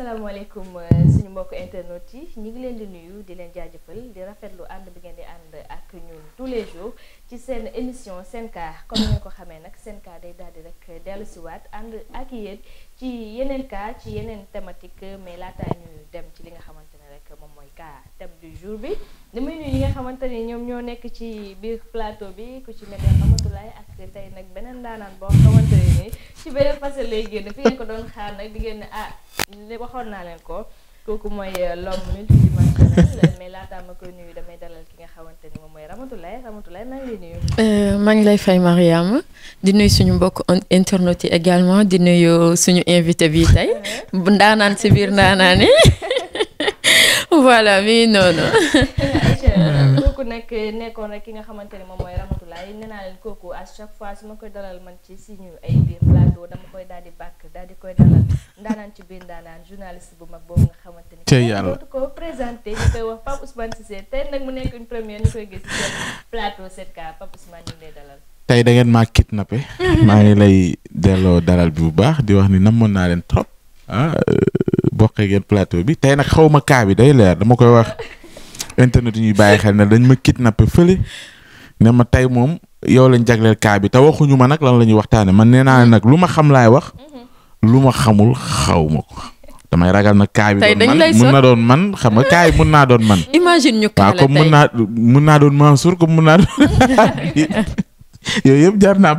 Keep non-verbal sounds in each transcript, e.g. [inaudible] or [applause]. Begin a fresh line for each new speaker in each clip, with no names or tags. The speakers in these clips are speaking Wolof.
asalaamaaleykum euh, suñu mbokk internet yi ñu ngi leen di nuyu di leen jaajëfal di rafetlu ànd bi ngeen di ànd ak ñu tous les jours ci seen émission Sen Cas comme ngeen ko xamee nag Sen Cas day daal di rek dellusiwaat ànd ak yéen ci yeneen cas ci yeneen tematique mais laataa ñu dem ci li nga xamante. que moom mooy cas thème du bi damay nuyu ñi xamante ni ñoom ñoo nekk ci biir plateau bi ku ci mel ne Amatulaay tey nag beneen daanaan boo xamante ne nii ci beneen passé lay ko doon xaar nag di ngeen ne ah waxoon naa leen ko kooku mooy euh, l'homme mais laataa ma koy dalal ki nga xamante ni moom mooy Ramatulaay
Ramatulaay maa ngi lay euh, ngi lay fay Mariama di nuyu suñu mbokk internautes yi également di nuyu suñu invité bi tey [laughs] ndaanaan si biir ndaanaan yi. [laughs] voilà mais noonu.
[laughs] kooku nag nekkoon rek ki nga xamante ne moom mooy Ramatoulaye yi naa leen kooku à chaque fois su ma koy dalal man ci suñu ay biir plateau dama daal di bàkk daal di koy dalal ndaanaan ci biir ndaanaan journaliste bu mag boobu nga xamante ni. tey yàlla dootu ko présenté ñu koy wax Pape Ousmane Cissé tey nag mu nekk une première ñu koy gis ci plateau 7K Pape Ousmane ñu ngi dalal.
tey da ngeen maa kidnappé. [laughs] maa ngi lay delloo dalal bi bu baax di wax ni namoon naa leen trop ah, euh, bokkee ngeen plateau bi tey nag xaw ma kaa bi day leer dama koy wax internet ñuy bàyyi xel ne dañ ma kidnappé fële ne ma tey moom yow lañ jagleel kaa bi te waxuñu ma nag lañu la ñuy waxtaanee man nee naa ne nag lu ma xam laay wax lu ma xamul xaw ma ko. na kaa bi doon man xam nga kaa yi naa doon man.
imagine ñu kaa la tey
mun naa doon Mansour comme mun naa doon [laughs] yooyu yëpp jar naa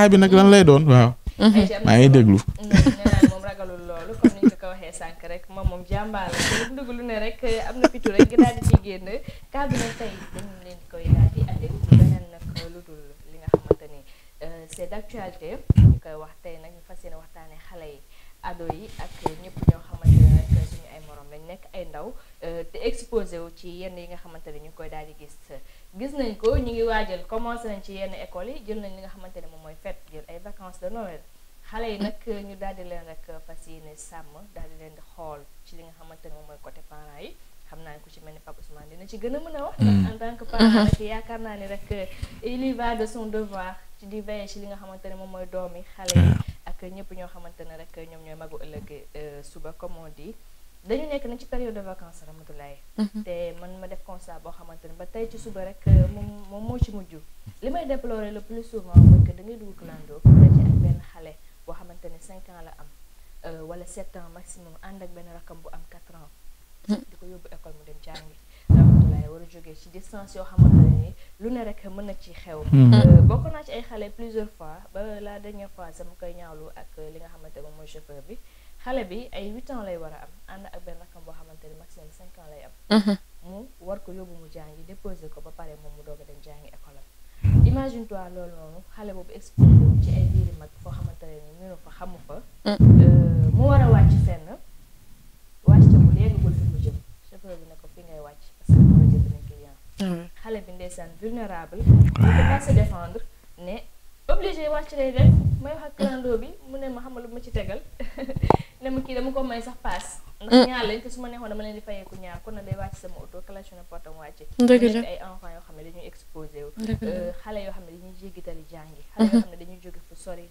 [laughs] nag lan lay doon waaw.
Mhm.
maa ngi déglu. moom ragalul loolu comme ni ñu ko waxee sànq rek moom moom jàmbaar la te dugg lu ne rek am na fitu rek daal di génn kàddu na tey leen koy lu dul li nga xamante ni euh, c'est d'actualité ñu koy wax tey nag ñu fas yéene waxtaanee xale yi. ado yi ak ñëpp ñoo xamante ne rek suñu ay moroom lañu nekk ay ndaw euh, te exposé wu ci yenn yi nga xamante ne ñu ngi koy daal di gis gis nañ ko ñu ngi waajal commencé nañ ci yenn école yi jël nañ li nga xamante ne moom mooy fête jël ay vacances de Noël xale yi nag ñu daal di leen rek fas yéene sàmm daal di leen di xool ci li nga xamante ne moom mooy côté penrant yi xam naa ne ku ci mel ni Pape Ousmane dina ci gën a mën a wax. Mm. en tant que parent [laughs] yaakaar naa ne rek il y va de di veiller ci li nga xamante ne moom mooy doom yi xale yi. ak ñëpp ñoo xamante ne rek ñoom ñooy magu ëllëg euh, suba comme on dañu nekk nag ci période de vacances Ramatoulaye mhm. te man ma def constat boo xamante ne ba tey ci suba rek euh, moom moom moo ci mujj li may déplorer le plus souvent mooy que da ngay dugg clando da ci ak benn xale boo xamante ne cinq ans la am euh, wala sept ans maximum ànd ak benn rakam bu am quatre ans mhm. di ko yóbbu école mu dem rahmatullahi war a jógee ci distance yoo xamante ne ni lu ne rek mën na ci xew hmm. euh, bokk naa ci ay xale plusieurs fois ba la dernière fois sama koy ñaawlu ak li nga xamante moom mooy chauffeur bi xale bi ay huit ans lay war a am ànd ak benn rakam boo xamante ni maximum cinq ans lay am hmm. mu war ko yóbbu mu jàngi déposer ko ba pare moom mu doog a dem jàngi école hmm. imagine toi loolu noonu xale boobu exposé wu ci ay biiri mag foo xamante ne ni mënu fa xamu fa euh, mu war a wàcc fenn wàcc te Mm-hmm. xale bi ndeysaan vulnérable. waaw ah. se défendre ne obligé wàcc lay def may wax ak clando bi mu ne ma xamal lu ma ci tegal [laughs] ne ma kii dama ko may sax paas. ndax mm. ñaar lañ te su ma neexoon dama leen di fayeeku ñaar kon na day wàcc sama oto clash na portam wàcc ay enfants yoo xam ne dañuy exposé wu euh, xale yoo xam ne dañuy jéggi dali jàngi mm-hmm. xale yoo xam ne dañuy jóge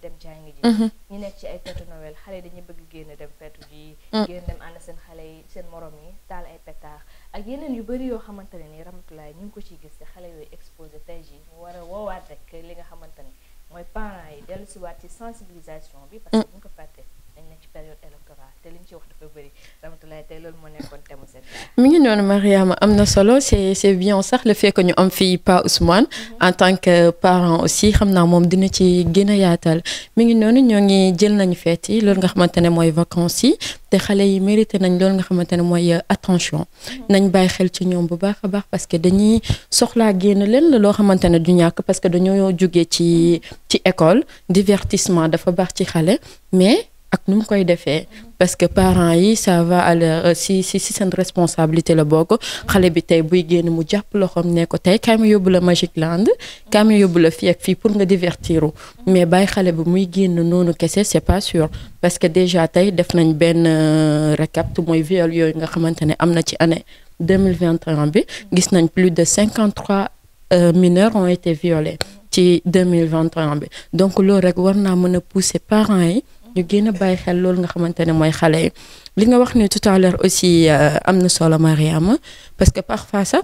dem jàngi ji mm-hmm. ñu nekk ci ay fête Noël xale dañuy bëgg génn dem fête ji mm. génn dem ànd seen xale yi seen morom yi taal ay pétard ak yeneen yu bëri yoo xamante ne ni ramatulaay ñu ngi ko ciy gis te xale yooyu exposé tey ji mu war a woowaat rek li nga xamante ne mooy parents yi dellu si waat ci sensibilisation bi parce que mm. ñu ko fàtte période électorale loolu moo nekkoon mi ngi noonu
Mariama am na solo c'est c'est bien sax le fait que ñu am fii Pa Ousmane mhm. en tant que parent aussi xam naa moom dina ci gën a yaatal mi ngi noonu ñoo ngi jël nañu feet yi loolu nga xamante ne mooy vacances yi te xale yi mérité nañ loolu nga xamante ne mooy euh, attention mhm. nañ bàyyi xel ci ñoom bu baax a baax parce que dañuy soxlaa génn leen la loo xamante ne du ñàkk parce que dañoo jógee ci ci école divertissement dafa baax ci xale mais ak mu koy defee parce que parent yi ça euh, si si si seen responsabilité la bokk xale bi tey buy génn mu jàpp loxoom ne ko tey kaay ma yóbbu la Magic Land kaay ma yóbbu la fii ak fii pour nga divertiru mais bay xale bi muy génn noonu kese c'est pas sûr parce que déjà tey def nañ benn euh, récap mooy viole yooyu nga xamante ne am na ci année 2021 bi gis nañ plus de 53 euh, mineurs ont été violés ci 2021 bi donc loolu rek war naa mën a pousser parent yi. ñu gën a bàyyi xel loolu nga xamante ne mooy xale yi li nga wax ni tout à l'heure aussi euh, am na solo Mariama parce que parfois sax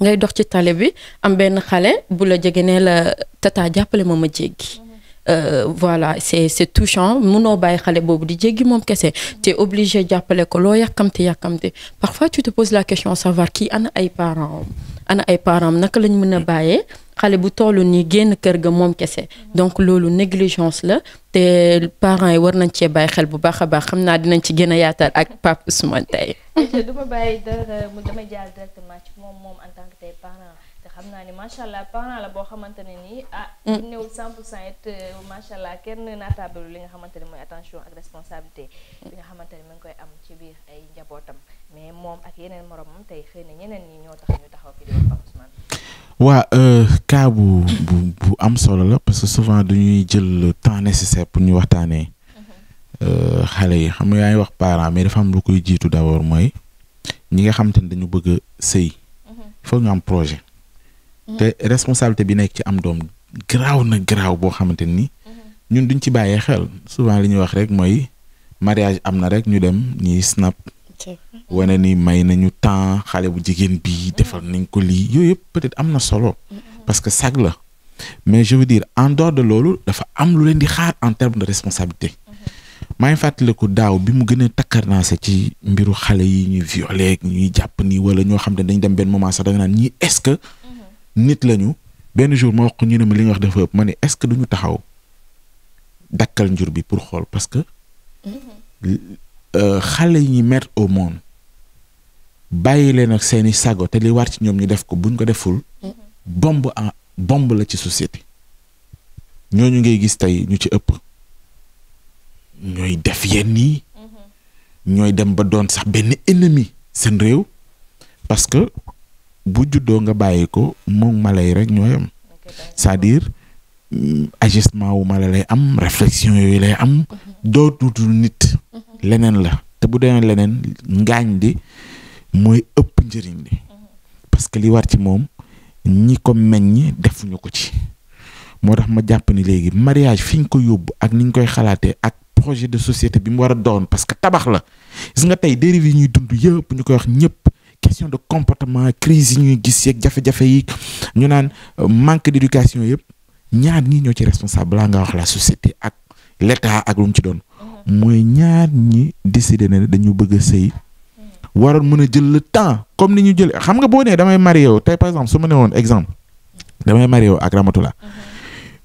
ngay dox ci tali bi am benn xale bu la jege nee la tata jàppale ma ma jéggi. Euh, voilà c'est c'est touchant munoo bàyyi xale boobu di jéggi moom kese te obligé jàppale ko loo yàkkamte yàkkamte parfois tu te poses la question savoir kii ana ay parents ana ay parents naka lañ mën a bàyyee xale bu toll nii génn kër ga moom kese donc loolu négligence la te parents yi war nañ cee bàyyi xel bu baax a baax xam naa dinañ ci gën a yaatal ak Pape Ousmane tay
dama bàyyi dara mu xam naa ni macha allah parent la boo xamante ne nii ah. néewul mm. 100 pour cent it euh, macha allah kenn naataabelu li nga xamante ne mooy attention ak responsabilité. bi nga xamante ne mu koy am ci biir ay njabootam mais moom ak yeneen moromam tey xëy na ñeneen ñoo tax ñu taxaw
fi di wax euh, bu bu am solo la parce que souvent duñuy jël le temps nécessaire pour ñu waxtaanee. Mm-hmm. Euh, xale yi xam nga yaa ngi wax parent mais dafa xam lu koy jiitu d'abord mooy ñi nga xam te dañu bëgg sëy. il mm-hmm. faut am projet. te responsabilité bi nekk ci am doom garaaw na garaaw boo xamante ni. ñun duñ ci bàyyee xel souvent li ñuy wax rek mooy mariage am na rek ñu dem ñuy snap. wane ni may nañu temps xale bu jigéen bi defal nañ ko lii yooyu yëpp peut-être am na solo. parce que sag la mais je veux dire en dehors de loolu dafa am lu leen di xaar en terme de responsabilité. maa ngi fàttaliku daaw bi mu gën a takkarnaase ci mbiru xale yi ñuy violer ñuy jàpp nii wala ñoo xam ne dañ dem benn moment a da nga ce que. nit lañu benn jour ma wax ko ñu ne ma li nga wax dafa ëpp ma ne est-ce que duñu taxaw dakkal njur bi pour xool parce que euh, xale yi ñuy mettre au monde bàyyi leen ak seeni sago te li war ci ñoom ñu def ko buñ ko deful bomb a bomb la ci société ñooñu ngay gis tey ñu ci ëpp ñooy def yenn yi ñooy dem ba doon sax benn ennemi seen réew parce bu juddoo nga bàyyi ko moom mala yi rek ñoo am cest à agissement wu mala lay am réflexion yooyu lay am mhm. doo tuutul nit mhm. leneen la te bu demee leneen ngaañ di mooy ëpp njëriñ li mhm. parce que li war ci moom ñi ko meññ defuñu ko ci moo tax ma jàpp ni léegi mariage fi ñu ko yóbbu ak ni ñu koy xalaatee ak projet de société bi mu war a doon parce que tabax la gis nga tey dérive ñuy dund yëpp ñu koy wax ñëpp question de comportement crise yi ñuy gis yeeg jafe-jafe yi ñu naan euh, manque d'éducation yëpp ñaar ñii ñoo ci responsable laa nga wax la société ak l'état ak lu mu ci doon mhm. mooy ñaar ñi décider na dañu bëgg a sëy mhm. waroon mën a jël le temps comme ni ñu jël xam nga boo nee damay marié wu tey par exemple su ma ne woon exemple damay marié wu ak Ramatoula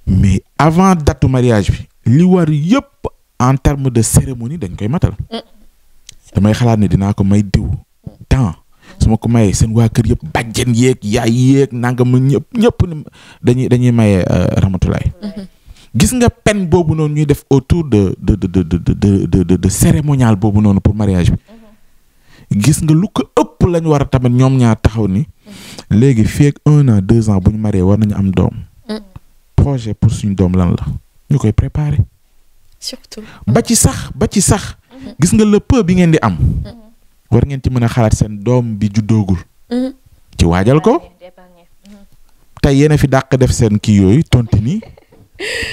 mhm. mais avant datu mariage bi li war yëpp en terme de cérémonie dañ koy matal mm. damay xalaat ne dinaa ko may diw temps su ma ko mayee seen waa kër yëpp bàjjen yeeg yaay yeeg nangam ñëpp ñëpp dañuy dañuy maye euh, Ramatulaay mm-hmm. gis nga pen boobu noonu ñuy def autour de de de de de de cérémonial boobu noonu pour mariage bi mm-hmm. gis nga lu ko ëpp lañ war a tamit ñoom ñaar taxaw ni mm-hmm. léegi feeg un an deux ans bu ñu marié war nañu am doom projet pour suñ doom lan la ñu koy préparer
surtout ba ci sax ba
ci sax gis nga le bi ngeen di am war ngeen ci mën a xalaat seen doom bi juddoogul mhm. ci waajal ko mhm. tey yéen a fi dàq def seen kii yooyu tontini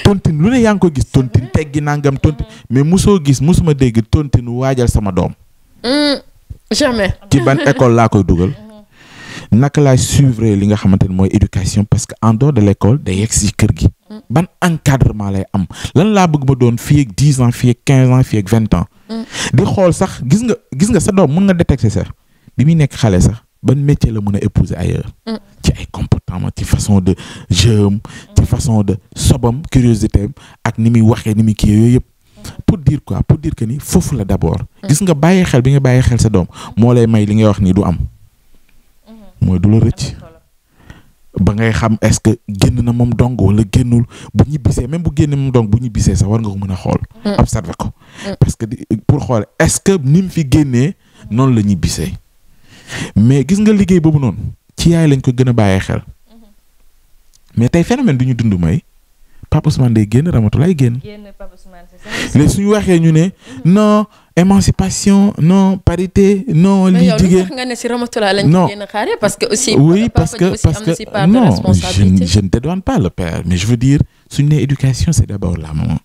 tontine lu ne yaa ngi ko gis tontine mhm. teggi nangam tontine mais mosoo gis mosuma dégg tontine waajal sama doom.
jamais. ci ban école
laa koy dugal. naka laay suivre li nga xamante ni mooy éducation parce que en dehors de l' day yegg si kër gi. ban encadrement lay am lan laa bëgg ma doon fii ak dix ans fii quinze ans fii vingt ans di xool sax gis nga gis nga sa doom mën nga détecter sax bi muy nekk xale sax ban métier la mën a épouser ailleurs. Mm. ci ay comportement ci façon de jeu ci mm. façon de sobam curiosité ak ni muy waxee ni muy kii yooyu yëpp. pour dire quoi pour diir que ni foofu la d' abord. Mm. gis nga bàyyi xel bi nga bàyyi xel sa doom moo lay may li ngay wax nii du am. mooy du la rëcc. ba ngay xam est que génn na moom dong wala génnul bu ñibbisee même bu génn moom dong bu ñibbisee sax war nga ko mën a xool. Mm. observé ko. Mm. parce que pour xool est-ce que ni mu fi génnee noonu la ñibbisee mais gis nga liggéey boobu noonu ci yaay lañ ko gën a bàyyee xel mm-hmm. mais tey phénomène du ñu dund may Pape Ousmane day génn Ramatoulaye génn. génn Pape Ousmane waxee ñu ne mm-hmm. non. émancipation non parité non. lii jigéen mais
nga ne si Ramatoulaye lañ ko génn xaaree parce que aussi oui parce que parce que non je
je ne dédouane pas le père mais je veux dire suñu nee éducation c'est d'abord la maman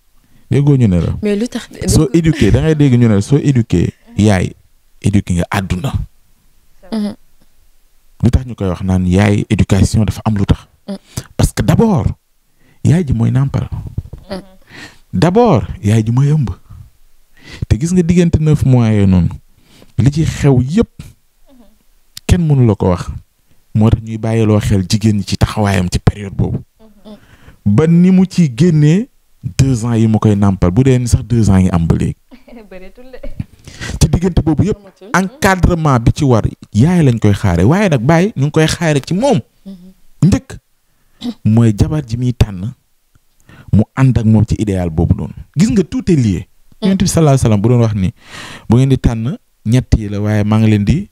déggoo ñu ne la.
mais lu tax soo
éduqué da ngay dégg ñu ne la soo éduqué. yaay éduqué nga àdduna. Mhm. lu tax ñu koy wax naan yaay éducation dafa am lu tax. Mhm. parce que d'abord yaay ji mooy nàmpal. Mhm. d'abord yaay ji mooy ëmb. te gis nga diggante neuf mois yooyu noonu li ci xew yépp kenn mënu la ko wax moo tax ñuy bàyyiloo xel jigéen ñi ci taxawaayam ci période boobu ba ni mu ci génnee deux ans yi mu koy nàmpal bu dee ni sax deux ans yi am ba léegi [laughs] ci diggante boobu yépp mm-hmm. encadrement bi ci war yaay lañ koy xaare waaye nag bàyyi ñu ngi koy xaare ci moom mm-hmm. njëkk mooy jabar ji muy tànn mu ànd ak moom ci idéal boobu noonu gis nga tuute est yonent bi sallallahu alayhi bu doon wax ni bu ngeen di tànn ñett yi la waaye maa ngi leen di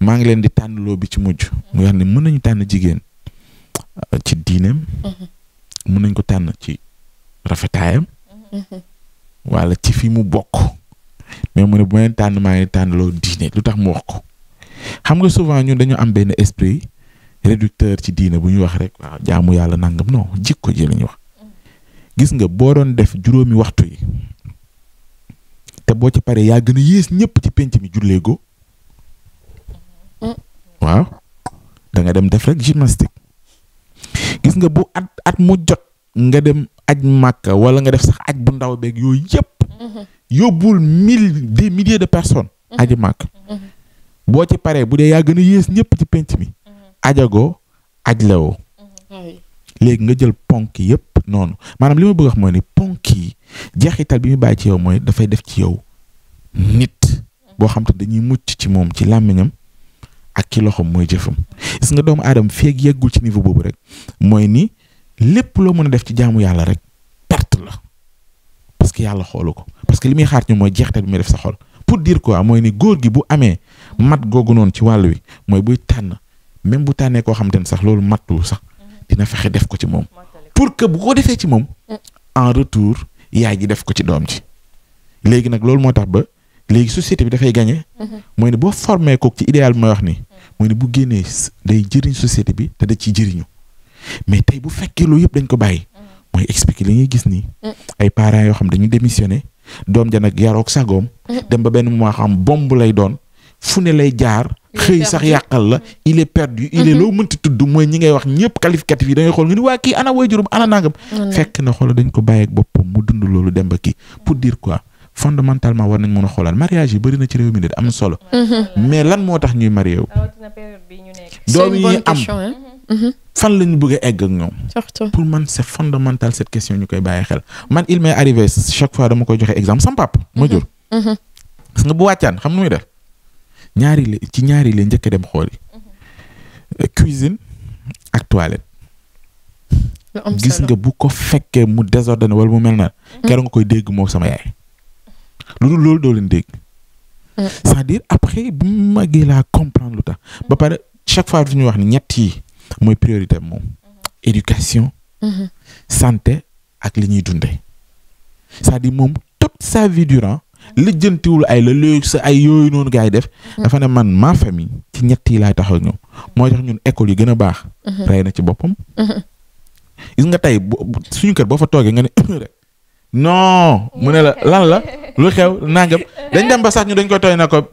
maa ngi leen di tànn loo bi ci mujj mu wax ni mën nañu tànn jigéen ci diineem mën nañ ko tànn ci rafetaayam wala ci fi mu bokk mais mu ne bu ngeen tànn maa ngi tànn loo diine lu tax mu wax ko xam nga souvent ñun dañu am benn esprit réducteur ci diine bu ñu wax rek waaw jaamu yàlla nangam noo jikko ji la ñu wax gis nga boo doon def juróomi waxtu yi te boo ci paree yaa gën a yées ñëpp ci penc mi jullee go waaw da dem def rek gymnastique gis nga bu at at mu jot nga dem aj màkka wala nga def sax aj bu ndaw beeg yooyu yëpp yóbbul mille des de personnes aji màkk boo ci paree bu dee yaa gën a yées ñëpp ci penc mi ajagoo aj lawoo léegi nga jël ponk yëpp noonu maanaam li ma bëgg wax mooy ne ponk yi jeexital bi mu bàyyi ci yow mooy dafay def ci yow nit boo xam te dañuy mucc ci moom ci làmmiñam ak ci loxoom mooy jëfam gis nga doomu aadama feeg yeggul ci niveau boobu rek mooy ni lépp loo mën a def ci jaamu yàlla rek perte la parce que yàlla xoolu ko parce que li muy xaar ci mooy jeexital bi muy def sa xol pour dire quoi mooy ni góor gi bu amee mat googu noonu ci wàll wi mooy buy tànn même bu tànnee koo xam ne sax loolu matul sax pour que bu ko defee ci moom. Mm. en retour yaay ji def ko ci doom ji. léegi nag loolu moo tax ba léegi société bi dafay gagné. Mm-hmm. mooy ne boo formé ko ci idéal bi may wax ni mm. mooy ne bu génnee day jëriñ société bi te da ciy jëriñu mais tey bu fekkee loolu yëpp dañ ko bàyyi. Mm. mooy expliquer li ngay gis nii. ay parents yoo xam dañu démissionné doom ja nag yarook sagoom dem ba benn moment xam bomb lay doon. fu ne lay jaar. xëy sax yàqal la il est perdu. il est mhm. loo mënti tudd mooy ñi ngay wax ñëpp qualificatif yi da ngay xool nga ni waa kii ana way juróom ana nangam. fekk na xool dañ ko bàyyeeg boppam mu dund loolu dem ba kii pour dire quoi fondamentalement war nañ mën a xoolaat mariage yi bëri na ci réew mi de am solo. Mhm. mais lan moo tax ñuy marié wu. doom yi am mhm. fan la ñu bëgg a egg ak ñoom. surtout pour man c' est fondamental cette question ñu koy bàyyi xel man il m' est arrivé fois dama koy joxe exemple sam pap ma jur.
gis
nga bu xam nu muy def. ñaari la ci ñaari la njëkk dem xool mhm. cuisine ak gis nga bu ko fekkee mu désordonné wala mu mel na mhm. keroog nga koy dégg moo sama yaay. lu dul loolu doo leen dégg. Mhm. c'est-à-dire après bu mu màggee laa comprendre lu tax. ba pare chaque fois du ñuy wax ni ñett yi mooy priorité moom. éducation. santé ak li ñuy dundee. cest à moom toute sa durant lijjantiwul ay la léegi sa ay yooyu noonu gaa yi def. Mm-hmm. dafa ne man ma famille ci ñett laay taxaw ñëw mooy tax ñun école yi gën a baax. Mm-hmm. rey na ci boppam. Mm-hmm. gis nga tey suñu kër boo fa toogee nga ne [coughs] rek non mu ne la lan la lu xew nangam dañ dem ba sax ñu dañ koy tooy na ko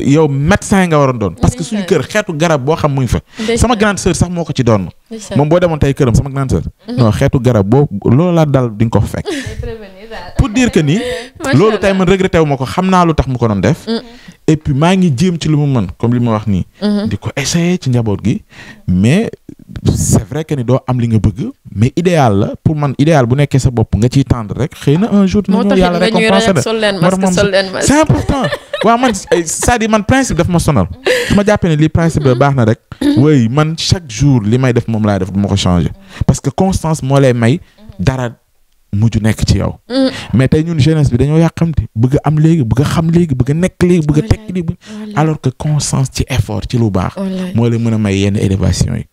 yow médecin nga waroon doon. parce que suñu kër xeetu garab boo xam mu ngi fa. sama grande sœur sax moo ko ci doon. moom boo demoon tey këram sama grande sœur. non xeetu garab boo loola daal di nga ko fekk. [laughs] pour dire que ni. loolu tey man regretté wu ko xam naa lu tax mu ko doon def. Mm. et puis maa ngi jéem ci lu mu man comme li ma wax nii. Mm-hmm. di ko essayer ci gi mais est vrai que ni doo am li nga bëgg. mais idéal la pour man idéal bu nekkee sa bopp nga ciy tendre rek xëy na un jour. moo yàlla récompensé la sol leen masque sol leen masque c' est man eh, cest à ma sonal ma jàppee ne lii baax na rek. oui man chaque jour li may def moom laa def du ma ko changer parce que constance moo lay may dara. mujj nekk ci yow. Mm. mais tey ñun jeunesse bi dañoo yàqamti bëgg am léegi bëgg xam léegi bëgg nekk léegi bëgg tekki léegi alors que constance ci effort ci lu baax. moo leen mën a may yenn élévation yi.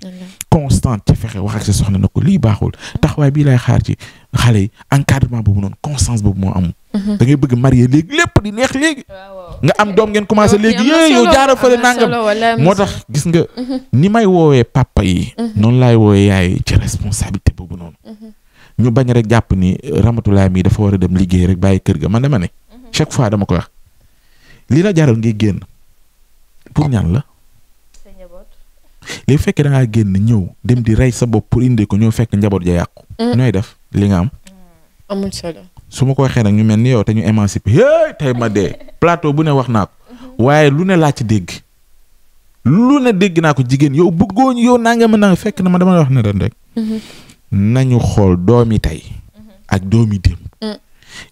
constante ci fexe wax ak sa soxna na ko lii baaxul mm. taxawaay bii lay xaar ci xale yi encadrement boobu noonu constance boobu moo amul. Mm-hmm. da ngay bëgg marié léegi lépp di neex léegi. nga am doom ngeen commencé léegi yee yow jaara fële nangam moo tax gis nga. Mm-hmm. ni may woowee papa yi. Mm-hmm. noonu laay woowee yaay ci responsabilité boobu noonu. ñu bañ rek jàpp nii Ramatoulaye mii dafa war a dem liggéey rek bàyyi kër ga man dama ne. Mhm. chaque fois dama ko wax li la jaral ngi génn pour ñaan la. li fekke da génn ñëw dem di rey sa bopp pour indi ko ñëw fekk njaboot ja yàqu. ñooy mm. def li am. Mm. amul su ma ko waxee nag ñu mel ni yow te ñu émancipé hey tey ma dee [laughs] plateau bu ne wax naa ko mhm. waaye lu ne laa ci dégg lu ne dégg naa ko jigéen yow bëggooñ yow naa nga mën naa fekk na ma dama wax ne ren rek. Mhm. nañu xool doomi tey mhm. ak doomi démb. Mm.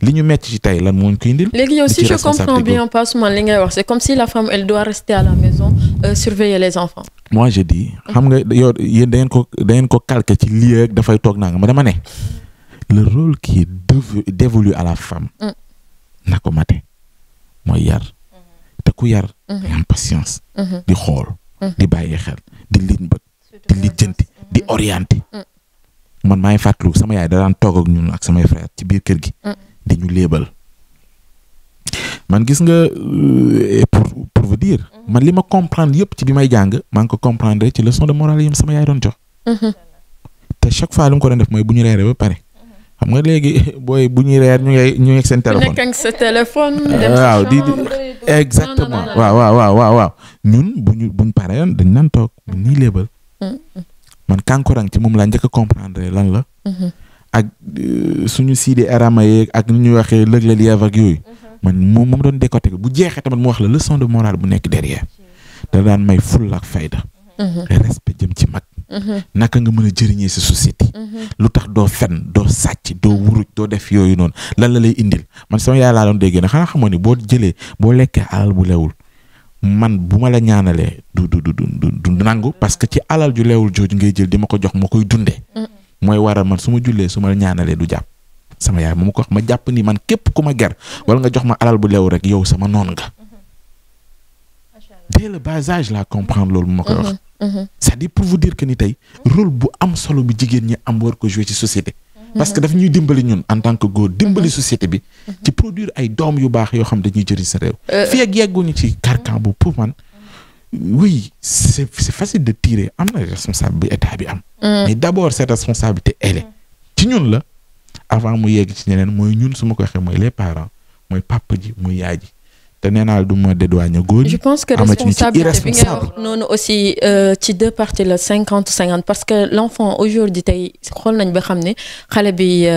li ñu metti ci tey lan moo ñu koy indil. léegi yow je comprends bien
pas li ngay wax c'est comme si la femme elle doit rester à la maison euh, surveiller les enfants.
moi je xam nga mm. yow yéen da ngeen ko da ngeen ci lii dafay toog naa nga ma dama ne. Mm. le rôle ki est dévolu à la femme. na ko mate mooy yar. Mm-hmm. te ku yar. Mm-hmm. nga am patience. Mm-hmm. di xool. di bàyyi xel di liñ bët di lijjanti di orienté. man maay fàttaliku sama yaay da daan toog ak ñun ak samay frère ci biir kër gi. Mm. di ñu léebal. man gis nga euh, pour pour vous dire. Mm-hmm. man li ma comprendre yëpp ci bi may jàng maa ko comprendre ci leçon de morale yi sama yaay doon jox. Mm-hmm. te chaque fois lu ko def mooy bu ñu reeree ba pare. Mm-hmm. xam nga léegi [laughs] booy bu ñuy reer ñu ngi ñu ngi seen
téléphone. nekk ah, di di
[laughs] exactement waaw waaw waaw waaw ñun bu ñu bu paree dañ naan toog nii léebal. man kankurang ci moom laa njëkk a comprendre lan la. Mhm. ak euh, suñu siidee arama yeeg ak ni ñuy waxee lëgleel yeev ak yooyu. Mhm. man moom moom doon décoté bu jeexee tamit mu wax la leçon de morale bu nekk derrière. da daan may fulla ak fayda. Mhm. respect jëm ci mag. naka nga mën a jëriñee sa société. lu tax doo fen doo sàcc doo wuruj doo def yooyu noonu lan la lay indil man sama yaay laa doon déggee ne xanaa xamoon ni boo jëlee boo lekkee alal bu lewul man bu ma la ñaanalee du du du du du nangu parce que ci alal ju leewul jooju ngay jël di ma ko jox ma koy dundee. mooy waral man su ma suma su ma la ñaanalee du jàpp. sama yaay ma ko wax ma jàpp nii man képp ku ma ger wala nga jox ma alal bu leew rek yow sama noon nga. Mm-hmm. dès le bas âge la comprendre loolu ma koy wax. Mm-hmm. Mm-hmm. c'est-à-dire pour que ni tey rôle bu am solo bu jigéen ñi am war ko jouer ci société. parce que daf ñuy dimbali ñun en tant que góor dimbali mhm. société bi. ci mhm. produire ay doom yu baax yoo xam dañuy jëriñ sa réew. Euh, euh. fii ak yegguñu ci carcan bu pour man oui c'est c'est facile de tirer am na responsable bi état bi am. Mm. mais d'abord cette responsabilité elle est ci ñun la avant mu yegg ci ñeneen mooy ñun su ma ko waxee mooy les parents mooy papa ji mooy yaay ji. te nee naa du ma dédouané góor je pense que responsabilité
bi aussi euh, ci deux parties la cinquante cinquante parce que l' enfant aujourd'hui tey xool nañ ba xam ne xale bi euh,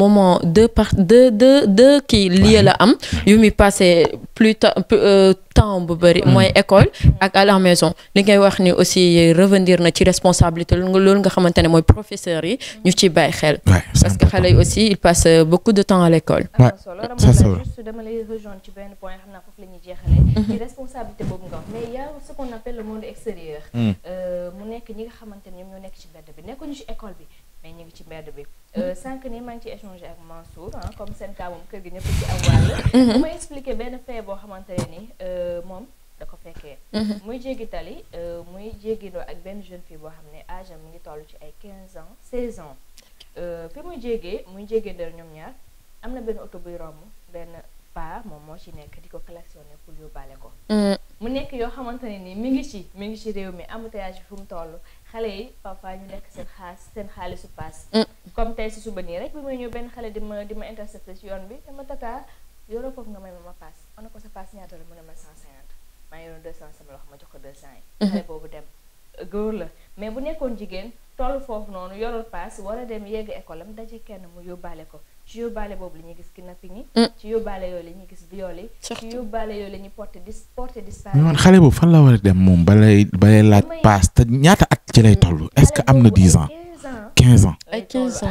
moment deux part deux deux deux kii lié la am yu muy passé plus tard euh, temps bu bëri mm. mooy école ak à la maison li ngay wax ni aussi revenir na ci responsabilité loolu nga xamante ne mooy professeurs yi ñu ci bàyyi xel parce que xale yi aussi ils passent beaucoup de temps à l'école juste
dama lay rejoindre ci benn point xam naa foofu la ñuy jeexale mm-hmm. ci responsabilité boobu nga wax mais y a ce appelle le monde extérieur mm. euh, mu nekk ñi nga xamante ne ñoom ñoo nekk ci mbedd bi nekkuñu ci école bi mais ñu ngi ci mbedd bi Euh, mhm. sànq nii maa ngi ci échanger ak Mansour ah, comme seen cas kër gi ñëpp ci am wàll. bu mhm. ma expliqué benn fee boo xamante ne ni euh, moom da ko fekkee. Mhm. muy jéggi tali euh, muy jéggindoo ak benn jeune fille boo xam ne âge am mu ngi toll ci ay 15 ans 16 ans. fi muy muy jéggindoo ñoom ñaar am na benn oto buy romb benn paa moom moo ci nekk di ko klaxonné pour yóbbaale ko. mu nekk yoo xamante ne ni mi ngi ci mi ngi ci réew mi embouteillage bi fu mu toll. xale yi papa ñu nekk seen xaas seen xaalisu paas. Mm. comme tey si suba nii rek bi may ñëw benn xale di ma di ma intercepté si yoon bi dama tata yoroo foofu nga may ma paas ma ne ko sa paas ñaata la mu ne ma 150 maa ngi yoroon 200 sama loxo ma jox ko 200 yi. Mm-hmm. xale boobu dem góor la mais bu nekkoon jigéen toll foofu noonu yorul paas war a dem yegg école am daje kenn mu yóbbaale ko. ci yóbbaale boobu la gis kidnapping yi. Mm. ci yóbbaale yooyu la ñuy gis viol yi. ci yóbbaale yooyu la ñuy porté dis porté disparu. mais
xale boobu fan la war a dem moom balay balay laaj paas te ñaata at ci lay toll est-ce que am na 10 ans
15 ans. ay 15 ans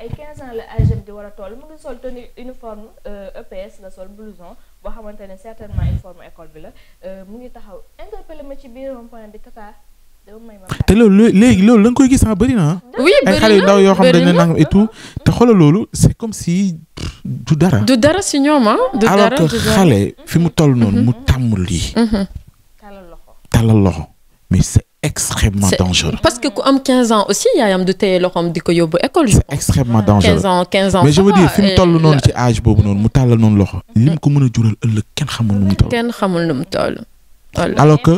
ay 15 ans la âge di war a toll mu ngi sol tenue uniforme EPS euh, e la sol blouson boo xamante ne certainement uniforme école bi la euh, mu ngi taxaw interpellé ci biir rond-point bi
te loolu léegi loolu lañ koy gis sax na ah. bëri na
ay xale yoo xam ne nangam
et tout te xoolal loolu c'est comme si du dara. du
dara si ñoom ah. du dara alors que xale
fi mu toll noonu mu mhm. tàmm lii. Mhm. tàllal loxo tàllal loxo mais c'est extrêmement dangereux.
parce que ku am ans aussi yaayam du téye loxoom di ko yóbbu école. c'est
extrêmement dangereux 15 ans 15 ans. mais je veux fi mu toll noonu ci âge boobu noonu mu tàllal noonu loxo. lim ko mën a jural ëllëg kenn xamul
nu mu toll. kenn alors que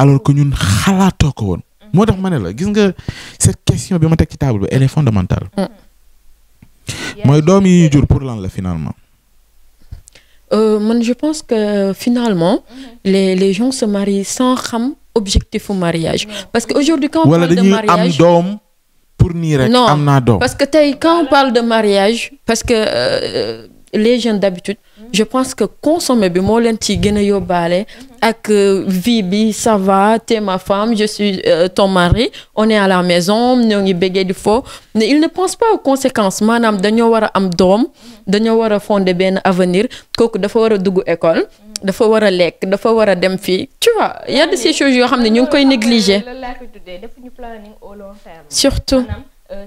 alors que ñun xalaatoo ko woon. Mm-hmm. moo tax ma ne la gis nga cette question bi ma teg ci table bi elle est fondamentale.
Mm.
mooy doom yi ñuy jur pour lan la finalement.
Euh, man je pense que finalement. Mm-hmm. les les gens se marient sans xam objectif au mariage. parce que aujourd'hui quand on parle de mariage parce que quand on parle de mariage parce que. les jeunes d'habitude je pense que consommer bi moo leen ci gën a yóbbaale ak euh, vie bi ça va t'es ma femme je suis euh, ton mari on est à la maison ñoo ngi béggee di fo mais il ne pense pas aux conséquences maanaam dañoo war a am doom dañoo war a fonder benn avenir kooku dafa war a dugg école dafa war a lekk dafa war a dem fii tu vois y a de ces yoo xam ne ñu ngi koy négliger
surtout euh,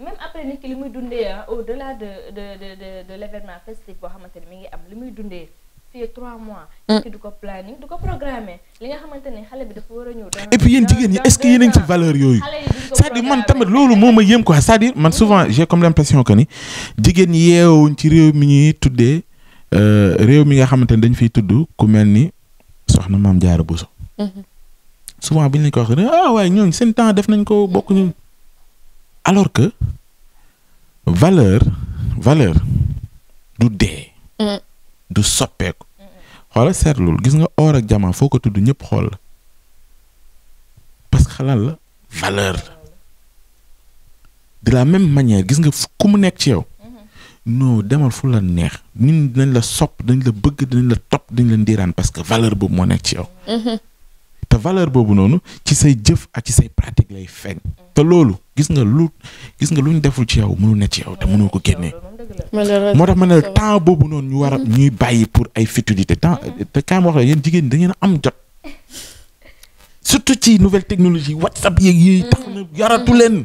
même après ah, de de de de de l' événement festif xamante ni mi ngi am li muy dundee fii mois. Mm. nit ko a ñëw. et puis yéen jigéen ñi est ce que yéen a ci valeur yooyu.
cest à man tamit loolu moom ma yéem ko cest à man mm. souvent j'ai comme l' impression que ni jigéen ñi yeewuñ ci réew mi ñuy tuddee euh, réew mi nga xamante ni dañ fi tudd ku mel ni soxna maam Jaara Bousso. Mm-hmm. souvent bu ñu la ko waxee ah waaye ñooñu seen temps def nañ ko bokk ñu. alors que valeur valeur du dee. Mm. du soppeeku. xoola seetlul gis nga or ak jamaa foo ko tudd ñëpp xool parce que xalaat la valeur de la même manière gis nga ku mu nekk ci yow. non demal fu la neex ñun nañ la sopp dañ la bëgg dañ la topp dañ la ndiiraan parce que valeur boobu moo nekk ci yow. Mm-hmm. te valeur boobu noonu ci say jëf ak ci say pratique lay feeñ. te loolu gis nga lu gis nga lu ñu deful ci yow mënu ne ci yow te mënoo ko génnee. moo tax ma ne temps boobu noonu ñu war a mm-hmm. ñuy bàyyi pour ay futilité temps mm-hmm. te kaay ma jigéen ñi da ngeen am jot. surtout ci nouvelle technologie whatsapp yeeg yi tax na mm-hmm. yaratu leen.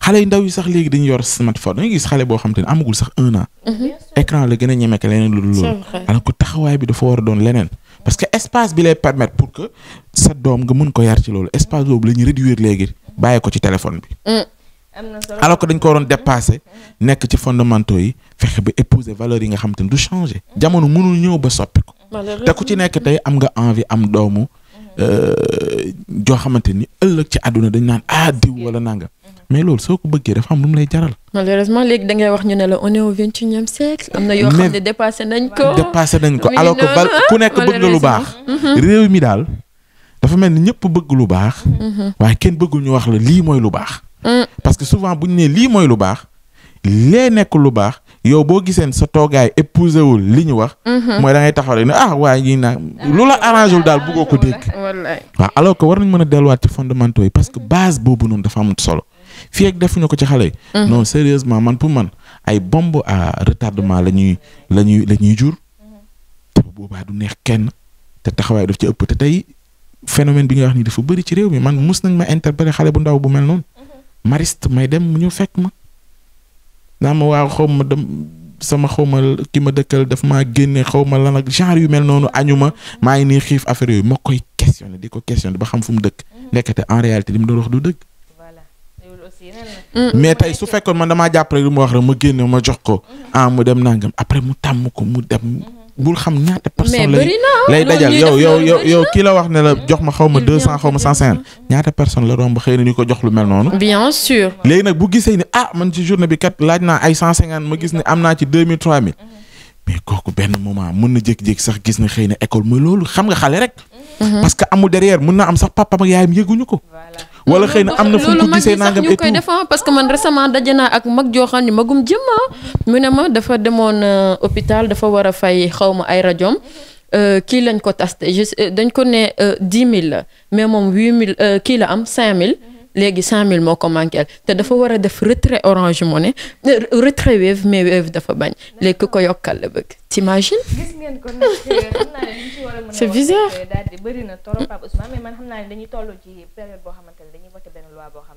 xale yu ndaw yi sax léegi dañu yor smartphone dañuy xale boo xam te ne amagul sax un an. écran lu dul loolu. alors que taxawaay bi dafa war doon leneen. parce que espace bi lay permettre pour que sa doom nga mën ko yar ci loolu espace boobu la ñuy réduire léegi bàyyi ko ci téléphone bi.
am mm. na dañ
ko waroon dépasser nekk ci fondamentaux yi fexe ba épouser valeurs yi nga xam te ne du changer jamono mënul ñëw ba soppi ko.
te ku ci nekk tey
am nga envie am doomu. Euh, joo xamante ni ëllëg ci àdduna dañ naan aa ah, diw wala nangam. mais loolu soo ko bëggee dafa am lu mu lay jaral.
malheureusement léegi da ngay wax ñu ne la on est au siècle. am na yoo xam ne dépassé nañ ko. dépassé
nañ ko alors que bal ku nekk bëgg nga lu baax. Mhm. réew mi daal dafa mel ni ñëpp bëgg lu baax. Mhm. waaye kenn bëggul wax la lii mooy lu baax. Mm. parce que souvent bu ñu lii mooy lu baax lee nekk lu baax yow boo giseen sa toogaay épousé wul li ñu wax. Mhm. mooy da ngay taxaw rek ne ah waaye ñii naa lu ko dégg. waaw mën a delluwaat ci fondamentaux yi parce que base boobu noonu dafa am solo. fii rek defuñu ko ci xale yi. Mm-hmm. non sérieusement man pour man ay bombe à retardement la ñuy la ñuy la ñuy jur. Mm-hmm. te boobaa du neex kenn te taxawaay daf ci ëpp te tey phénomène bi nga wax ni dafa bëri ci réew mi man mus nañ ma interpeller xale bu ndaw bu mel noonu. Mm-hmm. mariste may dem mu ñu fekk ma. naa ma waaw xaw ma dem sama xaw ma ki ma dëkkal daf maa génne xaw ma la nag genre yu mel noonu añu ma maa ngi nii xiif affaire yooyu ma koy questionné di ko questionné ba xam fu mu dëkk. nekkate mais tey su fekkoon man damaa jàpp rek li mu wax rek ma génne ma jox ko mm-hmm. ah mu dem nangam après mu tàmm ko mu dem. Mm-hmm. bul xam ñaata personne lay lay dajal yow yow yow yow kii la wax ne la jox ma xaw ma deux cent xaw ma cent mm-hmm. ñaata personne la romb xëy na ñu ko jox lu mel noonu.
bien sûr.
léegi bu gisee ni ah man ci journée bi kat laaj naa ay cent cinquante ma gis ne am naa ci deux mille trois mille mais kooku benn na jékki-jékki sax gis ne xëy na école mooy loolu xam nga xale rek. parce que amul derrière mun na am sax papa ak yaayam yëguñu ko. wala xëy na am na fu mu ko gisee nangam et koy
defar ah, parce que man récemment daje naa ak mag joo xam ne magum jëmma ah. mu ne ma dafa demoon euh, hôpital dafa war a fay xaw ma ay rajoom euh, kii lañ ko taste juste euh, dañ ko ne dix mille la mais moom huit mille kii la am cinq mille. léegi 100000 moo ko manqué te dafa war a def retre orange money retrait wave mais wave dafa bañ lekk ko yokkal la bëgg t'imagines. gis
ngeen ko nag xam a mën c'est bizarre na trop Pape Ousmane mais man xam naa ne dañuy toll ci période boo xamante ne boo xam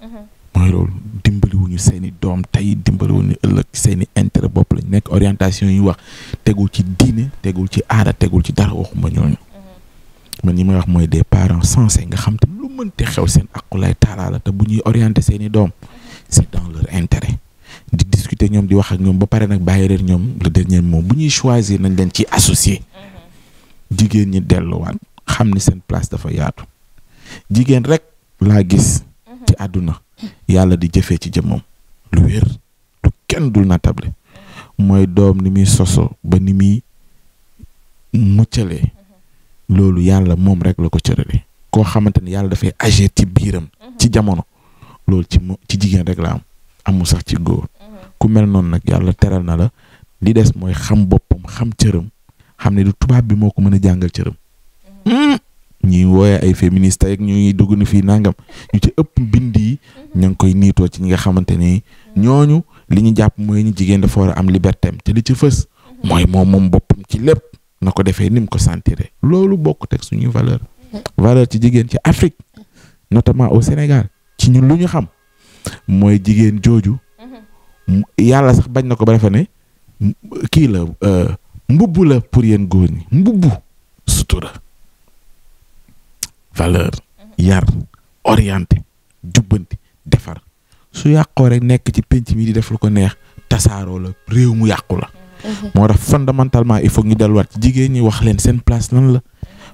mooy loolu dimbaliwuñu seen i doom tey dimbaliwuñu ëllëg seen i intérêt bopp lañ nekk orientation yi wax tegul ci diine tegul ci aada tegul ci dara waxuma ñooñu mm-hmm. man ñi may wax mooy des parents sensés nga xam te lu mënte xew seen aqulay taalaala te bu ñuy orienté seen doom c'est dans leur intérêt di discuter ñoom di wax ak ñoom ba pare nag bàyyi leen ñoom le dernier moom bu ñuy choisir nañ leen ci associé mm-hmm. jigéen ñi delluwaat xam ni seen place dafa yaatu jigéen rek laa gis mm-hmm. ci àdduna yàlla di jëfee ci jëmmam lu wér lu kenn dul natable mooy doom ni muy soso ba ni muy muccalee loolu yàlla moom rek la ko cërale koo xamante ni yàlla dafay agir ci biiram ci jamono loolu ci mu ci jigéen rek la am amul sax ci góor ku mel noonu nag yàlla teral na la di des mooy xam boppam xam cëram xam ne du tubaab bi moo ko mën a jàngal cëram hmm? ñuy wooyee ay féministe ak ñuy dugg ni fii nangam ñu ci ëpp mbind yi mhm. ñu ngi koy niitoo ci ñi nga xamante ni mhm. ñooñu li ñu jàpp mooy ñu jigéen dafa war a am liberté am te li ci fës mhm. mooy moom moom boppam ci lépp na ko defee ni ko sentiré loolu bokk teg suñuy valeur valeur ci jigéen ci Afrique notamment au Sénégal ci ñun lu ñu xam mooy jigéen jooju yàlla sax bañ na ko ba defe ne kii la euh, mbubb la pour yéen góor ñi mbubb sutura valeur yar orienté jubbanti defar su yàqoo rek nekk ci penc mi di def lu ko neex tasaaroo la réew mu yàqu la. Mhm. moo tax fondamentalement il faut ñu delluwaat ci jigéen ñi wax leen seen place nan la.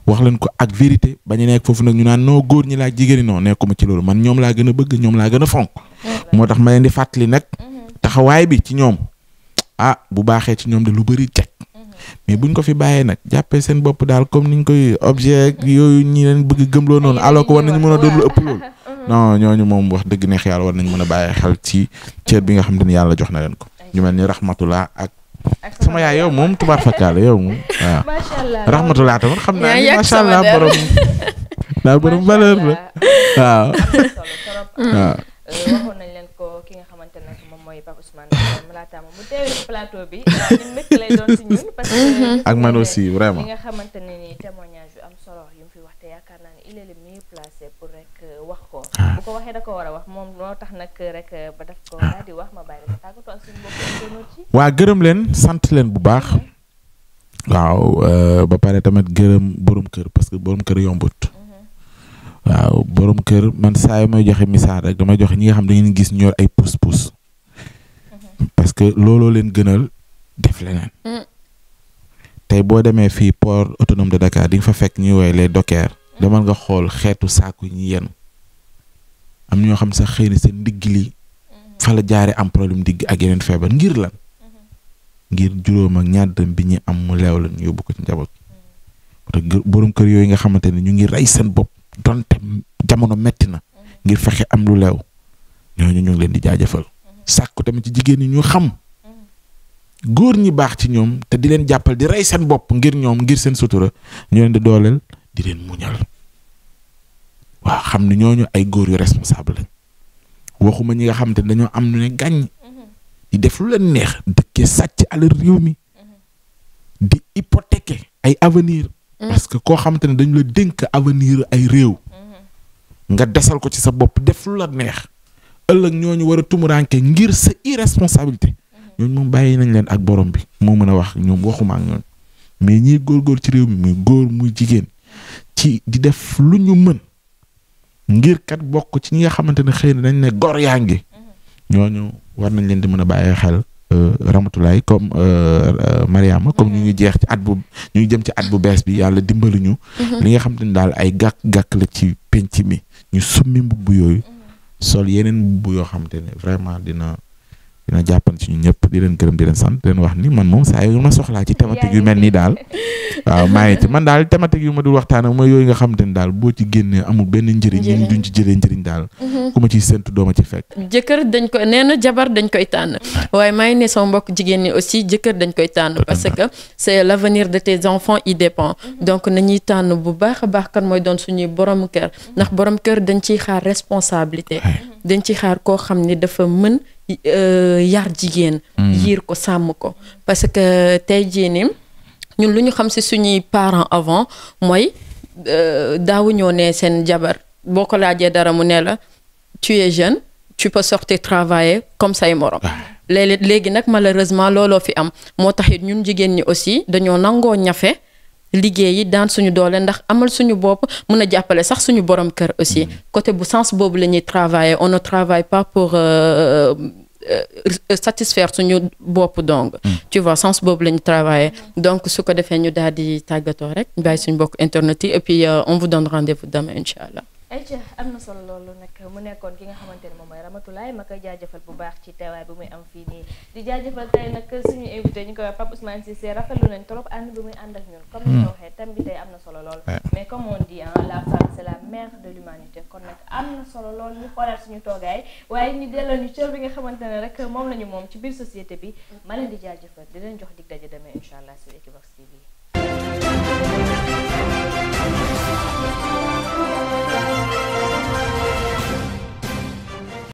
wax leen ko ak vérité bañu nekk foofu nag ñu naan noo góor ñi laa jigéen ñi nekkuma ci loolu man ñoom laa gën a bëgg ñoom laa gën a fonk. Mhm. moo tax ma leen di fàttali nag. Mhm. taxawaay bi ci ñoom. ah bu baaxee ci ñoom de lu bëri jag. mais buñ ko fi bàyyee nag jàppee seen bopp daal comme niñ koy objet yooyu ñi leen bëgg gëmloo noonu alors que war nañu mën a doon lu ëpp lool [laughs] non ñooñu moom wax dëgg neex yàlla war nañ mën a bàyyi xel ci cër bi nga xam te ni yàlla jox na leen ko ñu mel ni rahmatullah ak sama yaay yow moom tubaab fakkaale yow moom [laughs] waaw rahmatullah tamit xam naa ni
macha allah borom
daa [laughs] borom valeur la waaw
Ogata moom bu teewee ci mhm. xamante ne am solo yu mu wax yaakaar naa ne il est le euh, ah. ko. war a wax moom moo tax nag rek euh, ba ko ah. daal wax
waa gërëm leen sant leen bu baax. Mhm. waaw euh, ba pare tamit gërëm borom kër parce que borom kër yombut. Mhm. waaw borom kër man saa yi may joxe misaal rek damay joxe ñi nga xam dañu gis ñor ay pousse pousse parce que looloo leen gënal def leneen. Mm. tey boo demee fii port autonome de Dakar di fa fekk ñuy woy les dockers mm. demal nga xool xeetu saaku ñi ñu yenu am ñoo xam sax xëy na seen ndigg li mm. fa la jaare am problème digg ak yeneen feebar ngir lan mm-hmm. ngir juróom ak ñaar dërëm bi ñu am mu leew lan yóbbu ko ci njaboot te borom kër yooyu nga xamante ne ñu ngi rey seen bopp donte jamono metti na ngir fexe am lu leew ñooñu ñu ngi leen di jaajëfal. sàkku tamit ci jigéen ñi ñu xam góor ñi baax ci ñoom te di leen jàppale di rey seen bopp ngir ñoom ngir seen sutura ñoo leen di dooleel di leen muñal waaw xam ne ñooñu ay góor yu responsable waxuma ñi nga xam te dañoo am lu ne gàññ mm-hmm. di def lu leen neex dëkkee sàcc alal réew mi mm-hmm. di hypothéquer ay avenir mm-hmm. parce que koo xam te ne dañu la dénk avenir ay réew nga desal ko ci sa bopp def lu la neex ëllëg ñooñu war a tumuranke ngir sa irresponsabilité mhm. ñooñu moom bàyyi nañ leen ak borom bi moo mën a wax ñoom waxuma ak ñoom mais góor góor ci réew mi muy góor muy jigéen ci di def lu ñu mën ngir kat bokk ci ñi nga xamante ne xëy na dañ ne gor yaa ngi mhm. ñooñu war nañ leen di mën a bàyyi xel euh, Ramatulaay comme euh, euh, Mariama comme ñu mhm. ngi jeex ci at bu ñu jëm ci at bu bees bi yàlla dimbali ñu. li nga xamante ne daal ay gàkk-gàkk la ci penc mi ñu summi mbubb yooyu. sol yeneen bu yoo xam te ne vraiment dina dina jàppan ci ñun ñëpp di leen gërëm di leen sant di leen wax ni man moom saa yu ma soxlaa ci thématique yu mel nii daal waaw maa ci man daal [laughs] thématique yu ma dul waxtaanee mooy yooyu nga xam te daal boo ci génnee amul benn njëriñ ñun duñ ci jëlee njëriñ daal mhm. ku ma ciy séntu dooma ci fekk
jëkkër dañ ko nee na jabar dañ koy tànn waaye maa ngi ne sama mbokk jigéen ñi aussi jëkkër dañ koy tànn parce que c'est l'avenir de tes enfants il dépend mhm. donc nañuy tànn bu baax a baax kan mooy doon suñuy borom kër ndax borom kër dañ ciy xaar responsabilité dañ ciy xaar koo xam ni dafa mën Euh, yar jigéen. Hmm. yiir ko sàmm ko parce que tey jii ñun lu ñu xam si suñuy parent avant mooy euh, daawuñoo ne seen jabar boo ko laajee dara mu ne la tu es jeune tu peux sortir travailler comme say morom. Ah. léeg léegi nag malheureusement looloo fi am moo tax it ñun jigéen ñi aussi dañoo nangoo ñafe. liggéeyi daan suñu doole ndax amal suñu bopp mun a jàppale sax suñu borom kër aussi mm. côté bu sens boobu la ñuy travailler on ne travaille pas pour euh, euh, euh satisfaire suñu bopp donc mm. tu vois sens boobu la ñu donc su ko defee ñu daal di tàggatoo rek bàyyi suñu bokk internet yi et puis euh, on vous donne rendez-vous demain incha allah
ayca am na solo loolu nag mu nekkoon ki nga xamante ne moom mooy Ramatoulaye ma koy jaajëfal bu baax ci teewaay bu muy am fii nii di jaajëfal tey nag suñu invité ñu koy wax Pape Ousmane Cissé rafetlu nañ trop ànd muy ànd ak ñun hmm. waxee thème bi tey am na solo lool mais comme on dit ah la femme c'est la mère de l'humanité kon nag am na solo lool ñu xoolaat suñu toogaay waaye ñu delloo ñu cër bi nga xamante ne rek moom lañu moom ci biir société bi ma leen di jaajëfal di leen jox dig daje demee incha allah sur Equivox TV